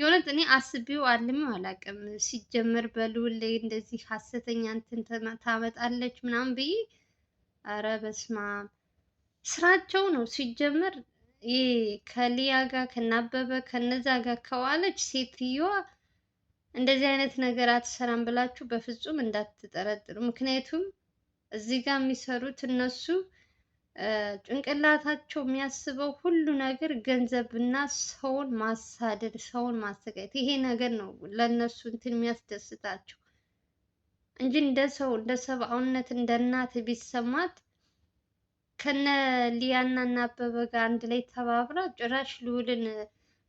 የእውነት እኔ አስቤው አልሜው አላውቅም። ሲጀመር በልዑል ላይ እንደዚህ ሀሰተኛ እንትን ታመጣለች ምናምን ብዬ አረ በስመ አብ ስራቸው ነው ሲጀመር። ይህ ከሊያ ጋር ከናበበ ከነዛ ጋር ከዋለች ሴትዮዋ እንደዚህ አይነት ነገር አትሰራም ብላችሁ በፍጹም እንዳትጠረጥሩ። ምክንያቱም እዚህ ጋር የሚሰሩት እነሱ ጭንቅላታቸው የሚያስበው ሁሉ ነገር ገንዘብና ሰውን ማሳደድ፣ ሰውን ማሰቃየት። ይሄ ነገር ነው ለእነሱ እንትን የሚያስደስታቸው እንጂ እንደ ሰው እንደ ሰብአውነት እንደ እናት ቢሰማት ከነ ሊያና እና አበበ ጋር አንድ ላይ ተባብራ ጭራሽ ልዑልን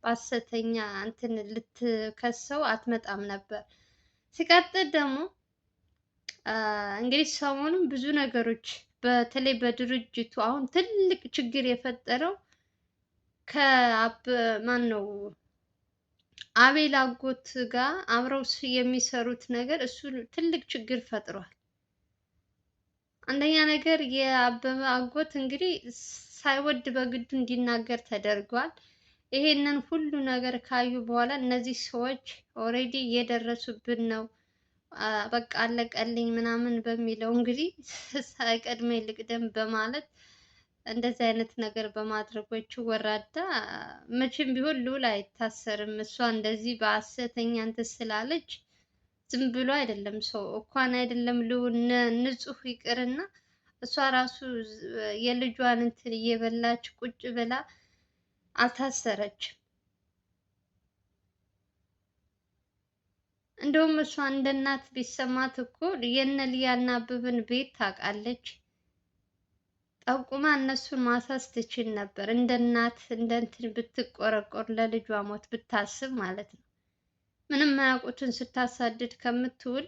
ባሰተኛ እንትን ልትከሰው አትመጣም ነበር። ሲቀጥል ደግሞ እንግዲህ ሰሞኑን ብዙ ነገሮች በተለይ በድርጅቱ አሁን ትልቅ ችግር የፈጠረው ማን ነው አቤል አጎት ጋር አብረው የሚሰሩት ነገር እሱ ትልቅ ችግር ፈጥሯል። አንደኛ ነገር የአበበ አጎት እንግዲህ ሳይወድ በግዱ እንዲናገር ተደርጓል። ይሄንን ሁሉ ነገር ካዩ በኋላ እነዚህ ሰዎች ኦልሬዲ እየደረሱብን ነው በቃ አለቀልኝ ምናምን በሚለው እንግዲህ ሳይቀድመኝ ልቅደም በማለት እንደዚህ አይነት ነገር በማድረጎቹ ወራዳ መቼም ቢሆን ልዑል አይታሰርም። እሷ እንደዚህ በአሰተኛ እንትን ስላለች ዝም ብሎ አይደለም ሰው እንኳን አይደለም ልዑል ንጹህ ይቅርና እሷ ራሱ የልጇን እንትን እየበላች ቁጭ ብላ አልታሰረችም። እንደውም እሷ እንደ እናት ቢሰማት እኮ የነ ሊያና ብብን ቤት ታውቃለች። ጠቁማ እነሱን ማሳስ ትችል ነበር። እንደ እናት እንደ እንትን ብትቆረቆር ለልጇ ሞት ብታስብ ማለት ነው። ምንም ማያውቁትን ስታሳድድ ከምትውል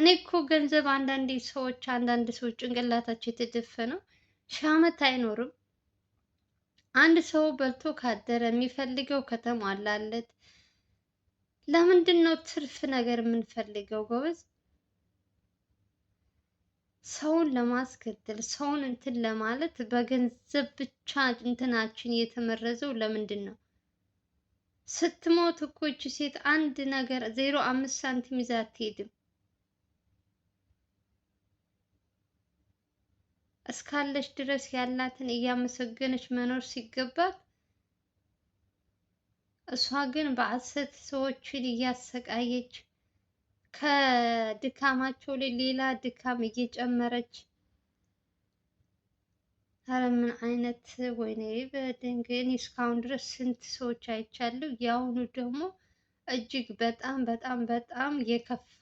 እኔ እኮ ገንዘብ አንዳንድ ሰዎች አንዳንድ ሰዎች ጭንቅላታቸው የተደፈነው ሺህ ዓመት አይኖርም። አንድ ሰው በልቶ ካደረ የሚፈልገው ከተሟላለት ለምንድን ነው ትርፍ ነገር የምንፈልገው ጎበዝ? ሰውን ለማስገደል ሰውን እንትን ለማለት በገንዘብ ብቻ እንትናችን የተመረዘው ለምንድን ነው? ስትሞት እኮ ይቺ ሴት አንድ ነገር ዜሮ አምስት ሳንቲም ይዛ አትሄድም። እስካለች ድረስ ያላትን እያመሰገነች መኖር ሲገባት እሷ ግን በአሰት ሰዎችን እያሰቃየች ከድካማቸው ላይ ሌላ ድካም እየጨመረች አረ ምን አይነት ወይኔ! ግን እስካሁን ድረስ ስንት ሰዎች አይቻለሁ። የአሁኑ ደግሞ እጅግ በጣም በጣም በጣም የከፋ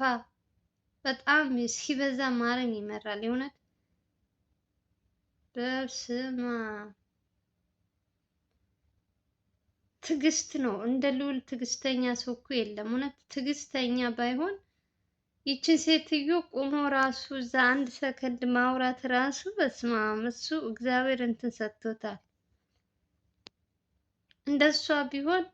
በጣም ሲበዛ ማረም ይመራል። የእውነት በስማ ትዕግስት ነው። እንደ ልዑል ትዕግስተኛ ሰው እኮ የለም። እውነት ትዕግስተኛ ባይሆን ይችን ሴትዮ ቁሞ ራሱ እዛ አንድ ሰከንድ ማውራት ራሱ በስመ አብ እሱ እግዚአብሔር እንትን ሰጥቶታል። እንደሷ ቢሆን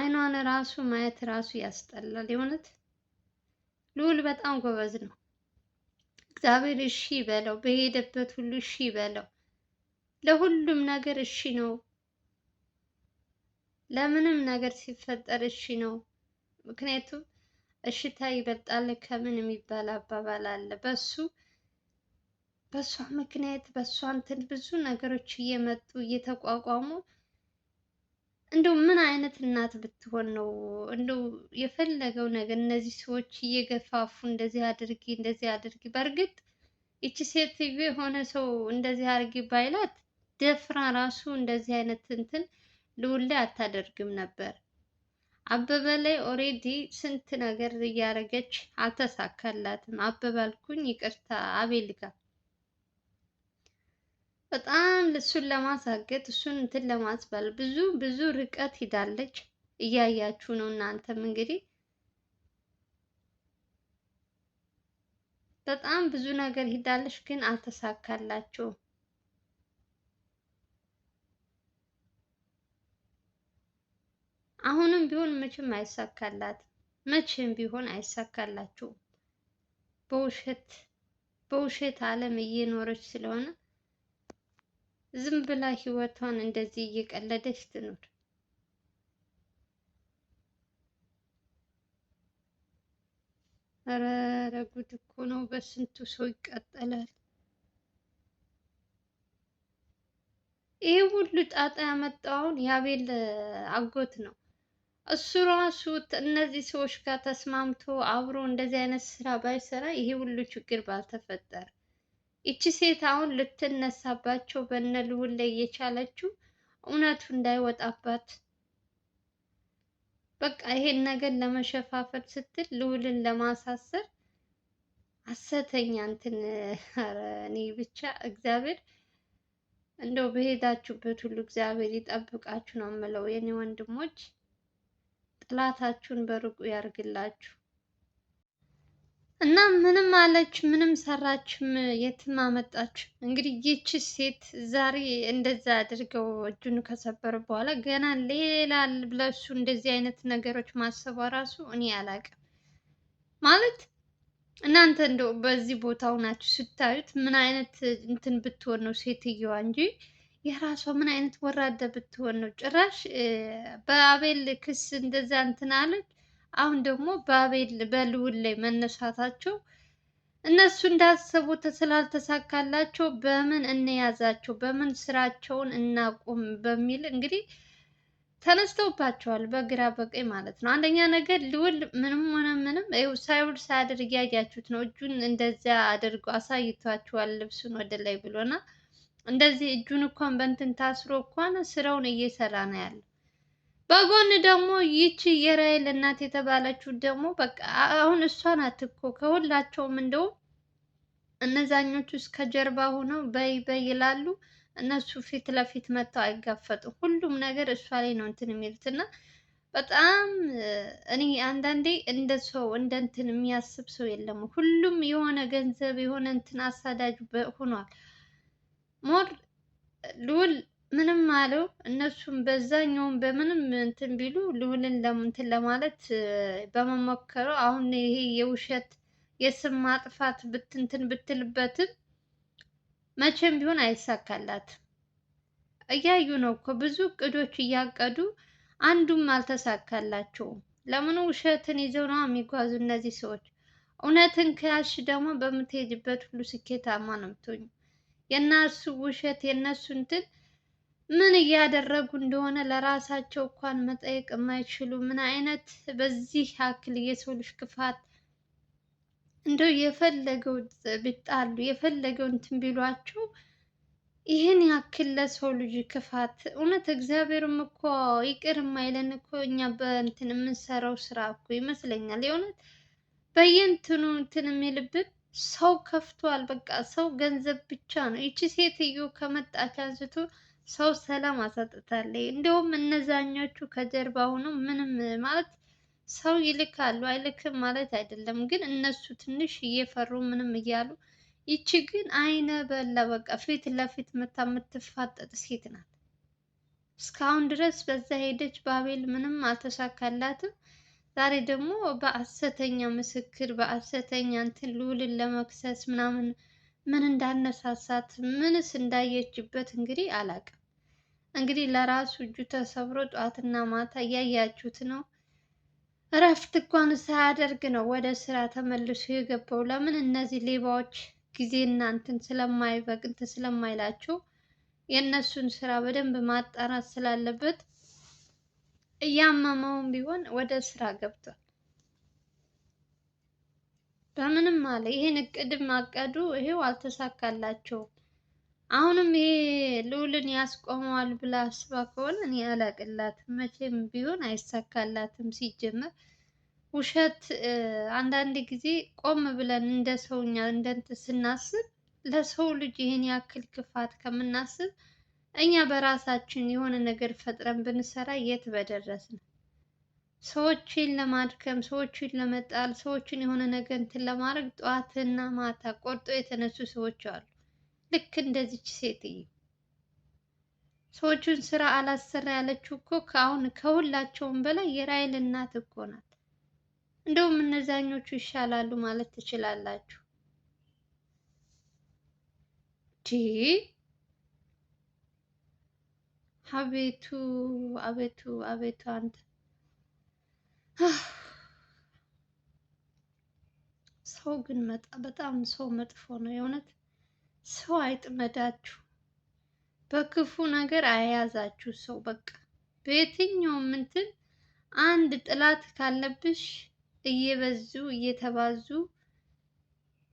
አይኗን ራሱ ማየት ራሱ ያስጠላል። የእውነት ልዑል በጣም ጎበዝ ነው። እግዚአብሔር እሺ በለው፣ በሄደበት ሁሉ እሺ በለው። ለሁሉም ነገር እሺ ነው። ለምንም ነገር ሲፈጠር እሺ ነው። ምክንያቱም እሽታ ይበልጣል ከምን የሚባል አባባል አለ። በሱ በሷ ምክንያት በሷ እንትን ብዙ ነገሮች እየመጡ እየተቋቋሙ እንደው ምን አይነት እናት ብትሆን ነው እንደው የፈለገው ነገር እነዚህ ሰዎች እየገፋፉ እንደዚህ አድርጊ እንደዚህ አድርጊ። በእርግጥ ይቺ ሴትዮ የሆነ ሰው እንደዚህ አድርጊ ባይላት ደፍራ ራሱ እንደዚህ አይነት እንትን ልዑል አታደርግም ነበር። አበበ ላይ ኦሬዲ ስንት ነገር እያደረገች አልተሳካላትም። አበበ አልኩኝ ይቅርታ አቤል ጋር በጣም እሱን ለማሳገጥ እሱን እንትን ለማስባል ብዙ ብዙ ርቀት ሂዳለች። እያያችሁ ነው እናንተም እንግዲህ በጣም ብዙ ነገር ሂዳለች፣ ግን አልተሳካላችሁም። አሁንም ቢሆን መቼም አይሳካላት፣ መቼም ቢሆን አይሳካላችሁም። በውሸት በውሸት ዓለም እየኖረች ስለሆነ ዝም ብላ ህይወቷን እንደዚህ እየቀለደች ትኖር። ኧረ ኧረ ጉድ እኮ ነው። በስንቱ ሰው ይቃጠላል። ይህ ሁሉ ጣጣ ያመጣውን የአቤል አጎት ነው። እሱ ራሱ እነዚህ ሰዎች ጋር ተስማምቶ አብሮ እንደዚህ አይነት ስራ ባይሰራ ይሄ ሁሉ ችግር ባልተፈጠረ። ይቺ ሴት አሁን ልትነሳባቸው በነ ልውል ላይ እየቻለችው እውነቱ እንዳይወጣባት በቃ ይሄን ነገር ለመሸፋፈል ስትል ልውልን ለማሳሰር አሰተኛ እንትን ኧረ እኔ ብቻ እግዚአብሔር እንደው በሄዳችሁበት ሁሉ እግዚአብሔር ይጠብቃችሁ ነው የምለው የኔ ወንድሞች። ጥላታችሁን በሩቁ ያርግላችሁ። እና ምንም አለች ምንም ሰራችም የትም አመጣች። እንግዲህ ይቺ ሴት ዛሬ እንደዛ አድርገው እጁን ከሰበረ በኋላ ገና ሌላ ለሱ እንደዚህ አይነት ነገሮች ማሰቧ ራሱ እኔ አላቅም ማለት እናንተ እንደው በዚህ ቦታው ናችሁ ስታዩት ምን አይነት እንትን ብትሆን ነው ሴትየዋ እንጂ የራሷ ምን አይነት ወራዳ ብትሆን ነው? ጭራሽ በአቤል ክስ እንደዛ እንትን አለች። አሁን ደግሞ በአቤል በልውል ላይ መነሳታቸው እነሱ እንዳሰቡት ስላልተሳካላቸው በምን እንያዛቸው፣ በምን ስራቸውን እናቁም በሚል እንግዲህ ተነስተውባቸዋል፣ በግራ በቀኝ ማለት ነው። አንደኛ ነገር ልውል ምንም ሆነ ምንም ይኸው ሳይውል ሳያደርግ እያያችሁት ነው። እጁን እንደዚያ አድርጎ አሳይቷቸዋል ልብሱን ወደ ላይ ብሎና እንደዚህ እጁን እንኳን በእንትን ታስሮ እንኳን ስራውን እየሰራ ነው ያለው። በጎን ደግሞ ይቺ የራይል እናት የተባለችው ደግሞ በቃ አሁን እሷ ናት እኮ ከሁላቸውም እንደውም እነዛኞቹ እስከ ጀርባ ሆነው በይ በይ ይላሉ። እነሱ ፊት ለፊት መጥተው አይጋፈጡም። ሁሉም ነገር እሷ ላይ ነው እንትን የሚሉት እና በጣም እኔ አንዳንዴ እንደ ሰው እንደ እንትን የሚያስብ ሰው የለም። ሁሉም የሆነ ገንዘብ የሆነ እንትን አሳዳጅ ሆኗል። ሞር ልዑል ምንም አለው እነሱም በዛኛውም በምንም እንትን ቢሉ ልዑልን እንትን ለማለት በመሞከሩ አሁን ይሄ የውሸት የስም ማጥፋት ብትንትን ብትልበትም መቼም ቢሆን አይሳካላት እያዩ ነው እኮ ብዙ እቅዶች እያቀዱ አንዱም አልተሳካላቸውም። ለምን ውሸትን ይዘው ነው የሚጓዙ እነዚህ ሰዎች? እውነትን ከያዝሽ ደግሞ በምትሄጅበት ሁሉ ስኬታማ ነው የምትሆኚው። የእነሱ ውሸት የእነሱ እንትን ምን እያደረጉ እንደሆነ ለራሳቸው እንኳን መጠየቅ የማይችሉ ምን አይነት በዚህ ያክል የሰው ልጅ ክፋት እንደው የፈለገው ቢጣሉ የፈለገው እንትን ቢሏቸው ይህን ያክል ለሰው ልጅ ክፋት እውነት እግዚአብሔርም እኮ ይቅር የማይለን እኮ እኛ በእንትን የምንሰራው ስራ እኮ ይመስለኛል። የእውነት በየእንትኑ እንትን የሚልብን ሰው ከፍቷል። በቃ ሰው ገንዘብ ብቻ ነው። ይቺ ሴትዮ ከመጣች አንስቶ ሰው ሰላም አሳጥታለች። እንዲሁም እነዛኞቹ ከጀርባ ሆኖ ምንም ማለት ሰው ይልካሉ አይልክም ማለት አይደለም፣ ግን እነሱ ትንሽ እየፈሩ ምንም እያሉ፣ ይቺ ግን አይነ በላ በቃ ፊት ለፊት መታ የምትፋጠጥ ሴት ናት። እስካሁን ድረስ በዛ ሄደች ባቤል ምንም አልተሳካላትም። ዛሬ ደግሞ በአሰተኛ ምስክር በአሰተኛ እንትን ልዑልን ለመክሰስ ምናምን ምን እንዳነሳሳት ምንስ እንዳየችበት እንግዲህ አላቅም እንግዲህ ለራሱ እጁ ተሰብሮ ጠዋትና ማታ እያያችሁት ነው። እረፍት እንኳን ሳያደርግ ነው ወደ ስራ ተመልሶ የገባው። ለምን እነዚህ ሌባዎች ጊዜና እናንትን ስለማይበቅ እንትን ስለማይላቸው የእነሱን ስራ በደንብ ማጣራት ስላለበት እያመመውም ቢሆን ወደ ስራ ገብቷል። በምንም አለ ይሄን እቅድም ማቀዱ ይሄው አልተሳካላቸውም። አሁንም ይሄ ልዑልን ያስቆመዋል ብላ አስባ ከሆነ እኔ አላቅላትም። መቼም ቢሆን አይሳካላትም። ሲጀመር ውሸት አንዳንድ ጊዜ ቆም ብለን እንደ ሰውኛ እንደንት ስናስብ ለሰው ልጅ ይሄን ያክል ክፋት ከምናስብ እኛ በራሳችን የሆነ ነገር ፈጥረን ብንሰራ የት በደረስን። ሰዎችን ለማድከም፣ ሰዎችን ለመጣል፣ ሰዎችን የሆነ ነገር እንትን ለማድረግ ጠዋትና ማታ ቆርጦ የተነሱ ሰዎች አሉ። ልክ እንደዚች ሴትዬ ሰዎቹን ስራ አላሰራ ያለችው እኮ ከአሁን ከሁላቸውም በላይ የራይል እናት እኮ ናት። እንደውም እነዛኞቹ ይሻላሉ ማለት ትችላላችሁ። አቤቱ አቤቱ አቤቱ አንተ ሰው ግን መጣ በጣም ሰው መጥፎ ነው። የእውነት ሰው አይጥመዳችሁ፣ በክፉ ነገር አያያዛችሁ ሰው በቃ በየትኛውም እንትን አንድ ጥላት ካለብሽ እየበዙ እየተባዙ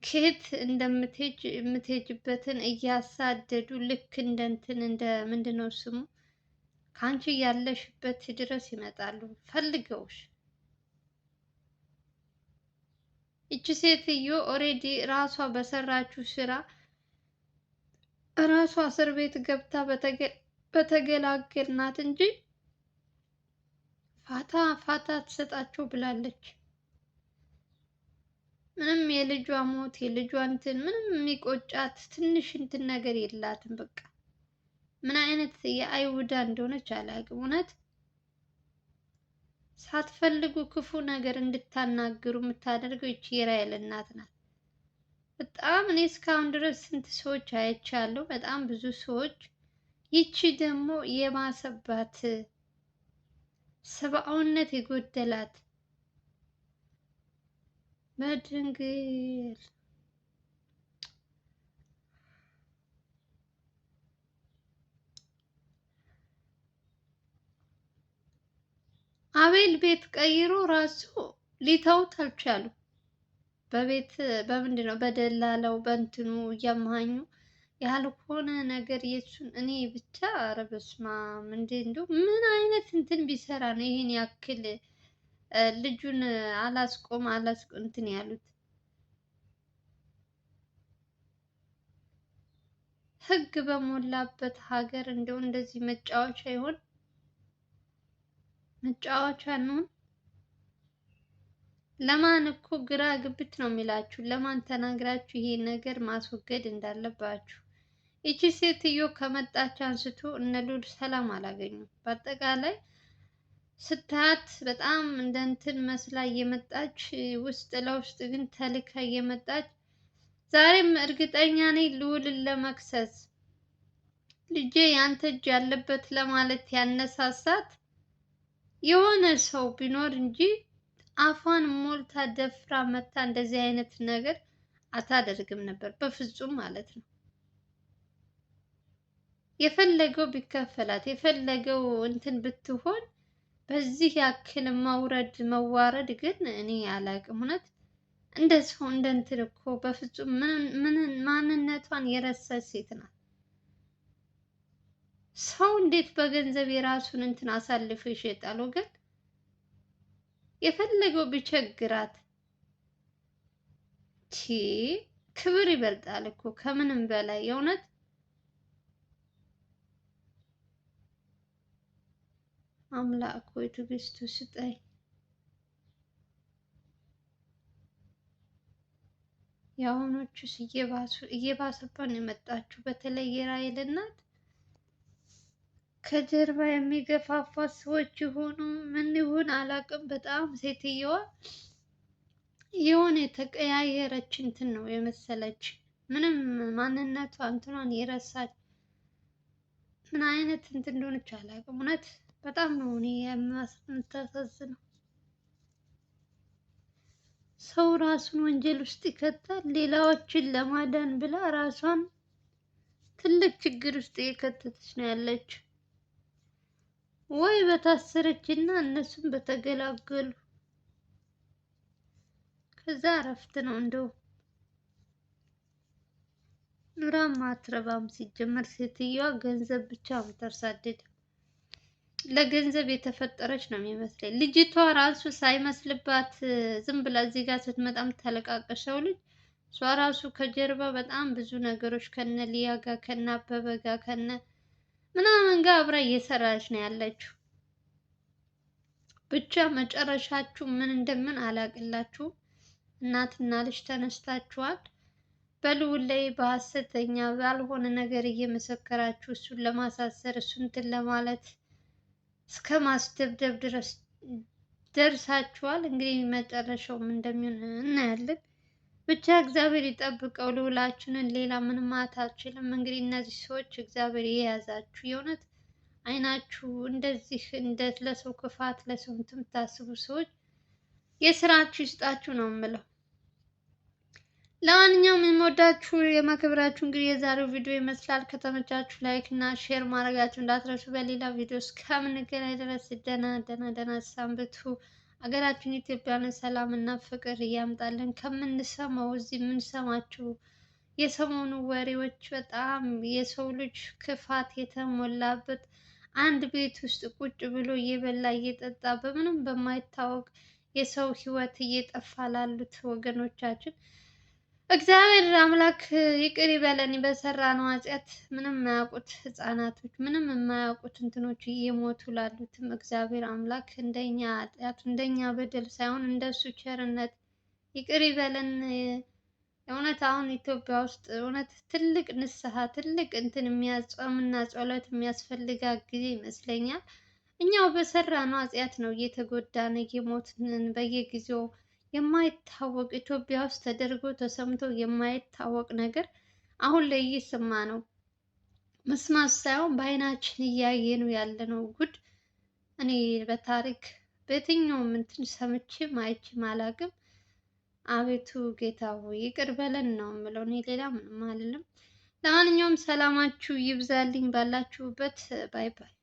ከየት እንደምትሄጅ የምትሄጅበትን እያሳደዱ ልክ እንደ እንትን እንደ ምንድን ነው ስሙ ከአንቺ ያለሽበት ድረስ ይመጣሉ ፈልገውሽ። እቺ ሴትዮ ኦሬዲ ራሷ በሰራችው ስራ ራሷ እስር ቤት ገብታ በተገላገልናት እንጂ ፋታ ፋታ ትሰጣቸው ብላለች። ምንም የልጇ ሞት የልጇ እንትን ምንም የሚቆጫት ትንሽ እንትን ነገር የላትም በቃ ምን አይነት የአይሁዳ እንደሆነች አላውቅም። እውነት ሳትፈልጉ ክፉ ነገር እንድታናግሩ የምታደርገው ይቺ የራሔል እናት ናት። በጣም እኔ እስካሁን ድረስ ስንት ሰዎች አይቻለሁ፣ በጣም ብዙ ሰዎች። ይቺ ደግሞ የማሰባት ሰብአውነት የጎደላት በድንግል? አቤል ቤት ቀይሮ ራሱ ሊተውት አልቻሉም። በቤት በምንድን ነው በደላለው በእንትኑ እያመሃኙ ያልሆነ ነገር የሱን እኔ ብቻ ኧረ በስመ አብ እንዴ! ምን አይነት እንትን ቢሰራ ነው ይህን ያክል ልጁን አላስቆም አላስቆ እንትን ያሉት? ህግ በሞላበት ሀገር እንደው እንደዚህ መጫወቻ ይሆን? መጫወቻ ነው። ለማን እኮ ግራ ግብት ነው የሚላችሁ? ለማን ተናግራችሁ ይሄ ነገር ማስወገድ እንዳለባችሁ። ይቺ ሴትዮ ከመጣች አንስቶ እነ ሉል ሰላም አላገኙም። በአጠቃላይ ስታት በጣም እንደ እንትን መስላ እየመጣች ውስጥ ለውስጥ ግን ተልካ እየመጣች ዛሬም እርግጠኛ ነኝ ልዑልን ለመክሰስ ልጄ ያንተ እጅ ያለበት ለማለት ያነሳሳት የሆነ ሰው ቢኖር እንጂ አፏን ሞልታ ደፍራ መታ እንደዚህ አይነት ነገር አታደርግም ነበር፣ በፍጹም ማለት ነው። የፈለገው ቢከፈላት የፈለገው እንትን ብትሆን በዚህ ያክል መውረድ መዋረድ ግን እኔ አላቅም። እውነት እንደ ሰው እንደ እንትን እኮ በፍጹም ማንነቷን የረሳች ሴት ናት። ሰው እንዴት በገንዘብ የራሱን እንትን አሳልፎ ይሸጣል? ወገን የፈለገው ቢቸግራት ክብር ይበልጣል እኮ ከምንም በላይ የእውነት አምላክ ሆይ ትዕግስቱ ስጠኝ። የአሁኖቹስ እየባሰባን የመጣችሁ በተለይ የራሔል እናት ከጀርባ የሚገፋፋት ሰዎች የሆኑ ምን ይሁን አላውቅም። በጣም ሴትየዋ የሆነ የተቀያየረች እንትን ነው የመሰለች። ምንም ማንነቷ እንትኗን የረሳች ምን አይነት እንትን እንደሆነች አላውቅም። እውነት በጣም ነው እኔ የምታሳዝነው። ሰው ራሱን ወንጀል ውስጥ ይከታል። ሌላዎችን ለማዳን ብላ ራሷን ትልቅ ችግር ውስጥ እየከተተች ነው ያለችው። ወይ በታሰረች እና እነሱም በተገላገሉ። ከዛ እረፍት ነው እንደው ኑራም አትረባም። ሲጀመር ሴትዮዋ ገንዘብ ብቻ ምታሳድድ ለገንዘብ የተፈጠረች ነው የሚመስለኝ። ልጅቷ ራሱ ሳይመስልባት ዝም ብላ እዚህ ጋር ስትመጣም ተለቃቀሸው ልጅ እሷ ራሱ ከጀርባ በጣም ብዙ ነገሮች ከነ ሊያ ጋር ከነ አበበ ጋር ከነ ምናምን ጋር አብራ እየሰራች ነው ያለችው። ብቻ መጨረሻችሁ ምን እንደምን አላቅላችሁም። እናትና ልጅ ተነስታችኋል። በልውላይ ላይ በሀሰተኛ ባልሆነ ነገር እየመሰከራችሁ እሱን ለማሳሰር እሱን እንትን ለማለት እስከ ማስደብደብ ድረስ ደርሳችኋል። እንግዲህ መጨረሻው ምን እንደሚሆን እናያለን። ብቻ እግዚአብሔር ይጠብቀው ልውላችንን። ሌላ ምንም አታችልም። እንግዲህ እነዚህ ሰዎች እግዚአብሔር የያዛችሁ የእውነት አይናችሁ እንደዚህ እንደ ለሰው ክፋት ለሰው እንትን የምታስቡ ሰዎች የስራችሁ ይስጣችሁ ነው የምለው። ለማንኛውም የምወዳችሁ የማክበራችሁ እንግዲህ የዛሬው ቪዲዮ ይመስላል። ከተመቻችሁ ላይክ እና ሼር ማድረጋችሁ እንዳትረሱ። በሌላ ቪዲዮ እስከምንገናኝ ድረስ ደህና ደህና ደህና ሰንብቱ። ሀገራችን ኢትዮጵያን ሰላም እና ፍቅር እያምጣልን። ከምንሰማው እዚህ የምንሰማቸው የሰሞኑ ወሬዎች በጣም የሰው ልጅ ክፋት የተሞላበት አንድ ቤት ውስጥ ቁጭ ብሎ እየበላ እየጠጣ በምንም በማይታወቅ የሰው ሕይወት እየጠፋ ላሉት ወገኖቻችን እግዚአብሔር አምላክ ይቅር ይበለን። በሰራ ነው ኃጢአት ምንም የማያውቁት ህፃናቶች፣ ምንም የማያውቁት እንትኖች እየሞቱ ላሉትም እግዚአብሔር አምላክ እንደኛ ኃጢአት እንደኛ በደል ሳይሆን እንደሱ ቸርነት ይቅር ይበለን። እውነት አሁን ኢትዮጵያ ውስጥ እውነት ትልቅ ንስሐ ትልቅ እንትን የሚያጸምና ጸሎት የሚያስፈልጋ ጊዜ ይመስለኛል። እኛው በሰራ ነው ኃጢአት ነው እየተጎዳን እየሞትን በየጊዜው የማይታወቅ ኢትዮጵያ ውስጥ ተደርጎ ተሰምቶ የማይታወቅ ነገር አሁን ላይ እየሰማ ነው። መስማት ሳይሆን በአይናችን እያየ ነው ያለ ነው ጉድ። እኔ በታሪክ በየትኛውም እንትን ሰምቼም አይቼም አላውቅም። አቤቱ ጌታ ሆይ ይቅር በለን ነው የምለው። እኔ ሌላ ምንም አልልም። ለማንኛውም ሰላማችሁ ይብዛልኝ ባላችሁበት። ባይ ባይ።